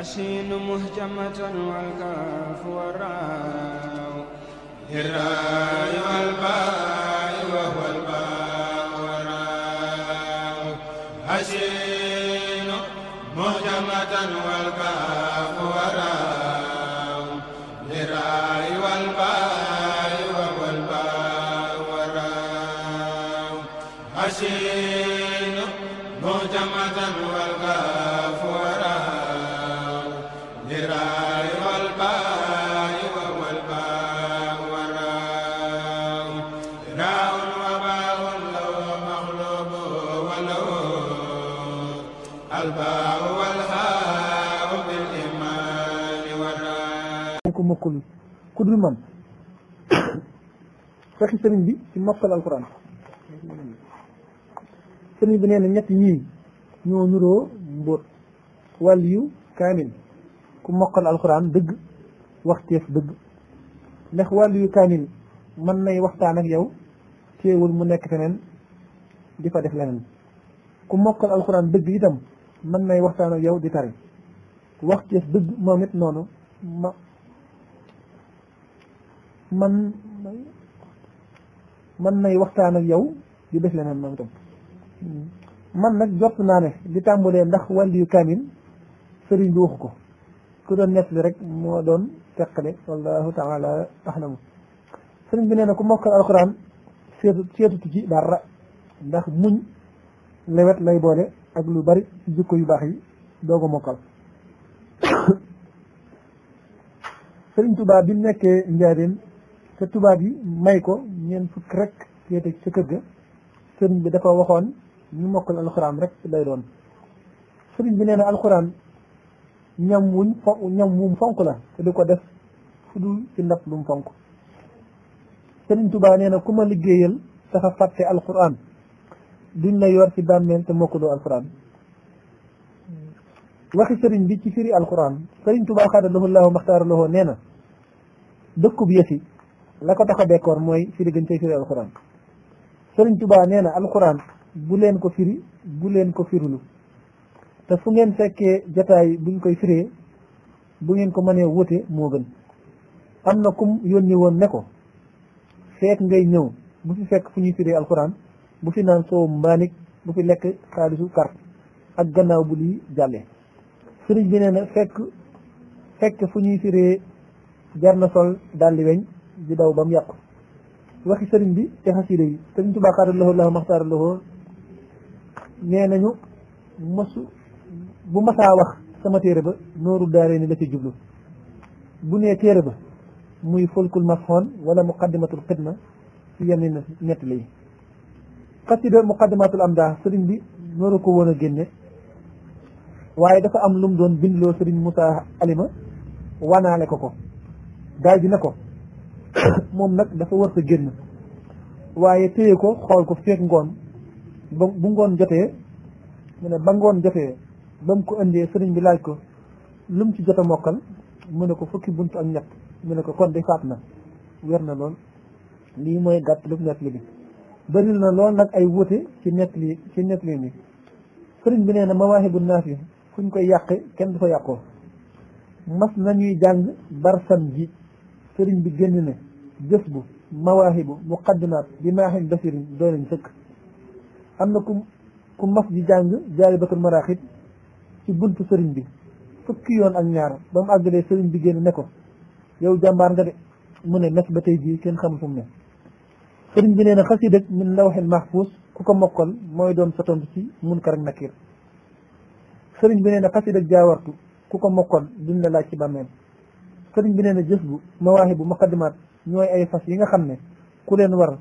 الشين مهجمة والكاف والراء الراء والباء وهو الباء والراء الشين مهجمة والكاف والراء الراء والباء وهو الباء والراء الشين مهجمة والكاف والراء ku dul moom fexi sëriñ bi ci mokkal ñett yii ñoo nuroo mbóot wàll yu kaamil ku dëgg waxteef dëgg ndax wàll kaamil mën nay waxtaan ak yow teewul mu nekk feneen di fa def leneen ku al alxuraan dëgg itam mën nay waxtaan ak yow di tari wax ci dëgg moom noonu ma man mën nay waxtaan ak yow di def leneen moom itam man nag jot naa ne li tàmbulee ndax wàllu yu kaamil sëriñ bi waxu ko ku doon nettali rek moo doon teqale wallahu taala axlamu sëriñ bi nee na ku mokkal alquran seetu seetutu ci dara ndax muñ lewet lay boole ak lu bari ci jikko yu baax yi doo ko mokkal sëriñ Tuubaa bi nekkee njaareem te tubaab yi may ko ñeent fukk rek féete ga sëriñ bi dafa waxoon ñu mokkal alxuraan rek lay doon sëriñ bi nee na alxuraan ñam wuñ ñam wum fonk la te du ko def fu dul ci ndab lu mu fonk sëriñ Tuubaa nee ku ma liggéeyal dafa fàtte alxuraan duñ la yor ci bàmmeel te mokkuloo alquran waxi sëriñ bi ci firi alquran sëriñ Tuubaa xaadalahu laahu maxtaara nee na dëkkub yëfi la ko tax mooy firi gën nee na alquran bu leen ko firi bu leen ko firulu te fu ngeen fekkee jataay buñ koy firee bu ngeen ko mënee wute moo gën am na kum yónni woon ne ko feek ngay ñëw bu fi fekk fu ñuy firee alquran bu fi naan soow mbaanik bu fi lekk xaalisu carte ak gannaaw bu lii jàllee sëriñ bi nee fekk fekk fu ñuy firee jar na sol dalli weñ di daw ba mu yàqu waxi sëriñ bi te xasida yi sëriñ Tuubaa xaaral loxo loxo maxtaara loxo nee nañu mosu bu masaa wax sama téere ba nooru daaree ni la ci jublu bu nee téere ba muy fulkul mafhoon wala muqaddimatul xidma ci yenn nett lay xasida muqaddimatul amdah sëriñ bi noonu ko woon a génne waaye dafa am lu doon bindloo sëriñ Moussa Alima wanaale ko ko daal di ne ko moom nag dafa war sa génn waaye téye ko xool ko feek ngoon ba bu ngoon jotee mu ne ba ngoon jotee ba mu ko indee sëriñ bi laaj ko lu ci jot a mokkal mu ne ko fukki bunt ak ñett mu ne ko kon de faat na wér na lool lii mooy gàtt lu mu nekk li bi bari na lool nag ay wute ci nettali ci nettali ni sëriñ bi nee na mawaahibu naafi fuñ koy yàqe kenn du ko yàqoo mas ñuy jàng barsam ji sëriñ bi génn ne jës bu mawaahibu muqaddimaat bi maaxin basirin doo leen sëkk am na ku ku mas ji jàng jaalibatul maraaxib ci buntu sëriñ bi fukki yoon ak ñaar ba mu àggalee sëriñ bi génn ne ko yow jàmbaar nga de mu ne mes ba tey jii kenn xamul fu mu ne sëriñ bi nee na xasida min lawxil mahfuus ku ko mokkal mooy doon sotom ci munkar ak nakir sëriñ bi nee na xasida jaawartu ku ko mokkal duñ la laaj ci bàmmeel sëriñ bi nee na jës bu mawaahi bu muqaddimaat ñooy ay fas yi nga xam ne ku leen war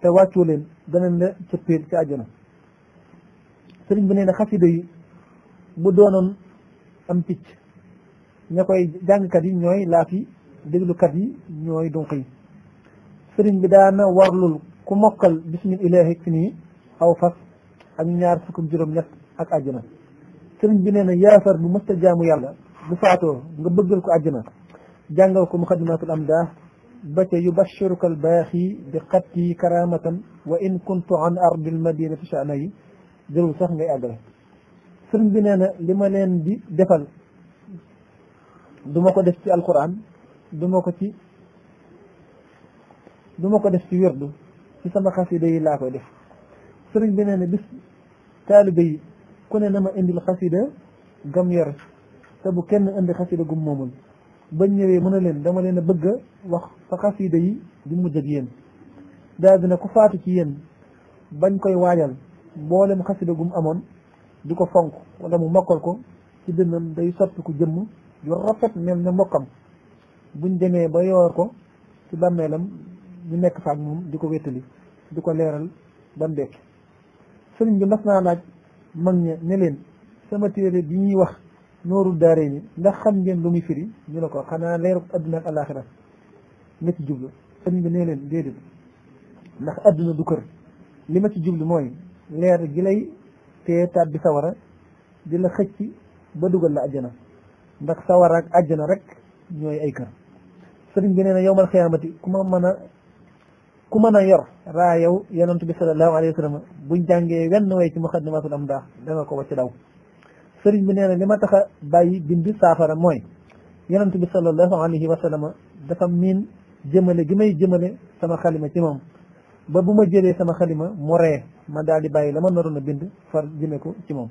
te wàccoo leen danañ la cëppeel ci àjjana sëriñ bi nee na xasida yi bu doonoon am picc ña koy jàngkat yi ñooy laaf yi déglukat yi ñooy dunq yi sëriñ bi daana warlul ku mokkal bisimilahi fi nii aw fas ak ñaar fukk juróom ñett ak àjjana sëriñ bi nee na yaafar bu mësta jaamu yàlla bu faatoo nga bëggal ko àjjana jàngal ko muqaddimatul amdah ba ca albaaxi bi xatti karamatan kuntu an ardil madinati shana yi jërul sax ngay àggale sëriñ bi nee na li ma di defal du ma ko def ci alquran du ma ko ci du ma ko def ci wérdu ci sama xasida yi laa koy def sëriñ bi nee na bis taalibe yi ku ne na ma indil xasida gam yor te bu kenn indi xasida gum moomul bañ ñëwee mën a leen dama leen a bëgg wax sa xasida yi di mujj ak yéen daal dina ku faatu ci yéen bañ koy waajal mboolem xasida gum amoon di ko fonk wala mu mokkal ko ci dënnam day soppi ku yu rafet mel ne mbokkam buñ demee ba yoor ko ci bàmmeelam ñu nekk fa moom di ko wéttali di ko leeral ba mu sëriñ bi mas naa laaj mag ña ne leen sama téere bi ñuy wax nooru daare ni ndax xam ngeen lu muy firi ñu ne ko xanaa leer adduna ak alaxira nga ci jublu sëriñ bi ne leen déedéet ndax adduna du kër li ma ci jublu mooy leer gi lay tee tàbbi sawara di la xëcc ba dugal la àjjana ndax sawara ak àjjana rek ñooy ay kër sëriñ bi nee na yowmal xiyaamati ku ku mën a yor raayaw yonent bi sallallahu alayhi wa sallam buñ jàngee wenn way ci muxaddimatul am daax danga ko wacc daw sëriñ bi nee na li ma tax bàyyi bind saafara mooy yonent bi sallallahu alayhi wa sallam dafa miin jëmale gi may jëmale sama xalima ci moom ba bu ma jëlee sama xalima mu ree ma daal di bàyyi la ma naroon a bind far jëme ko ci moom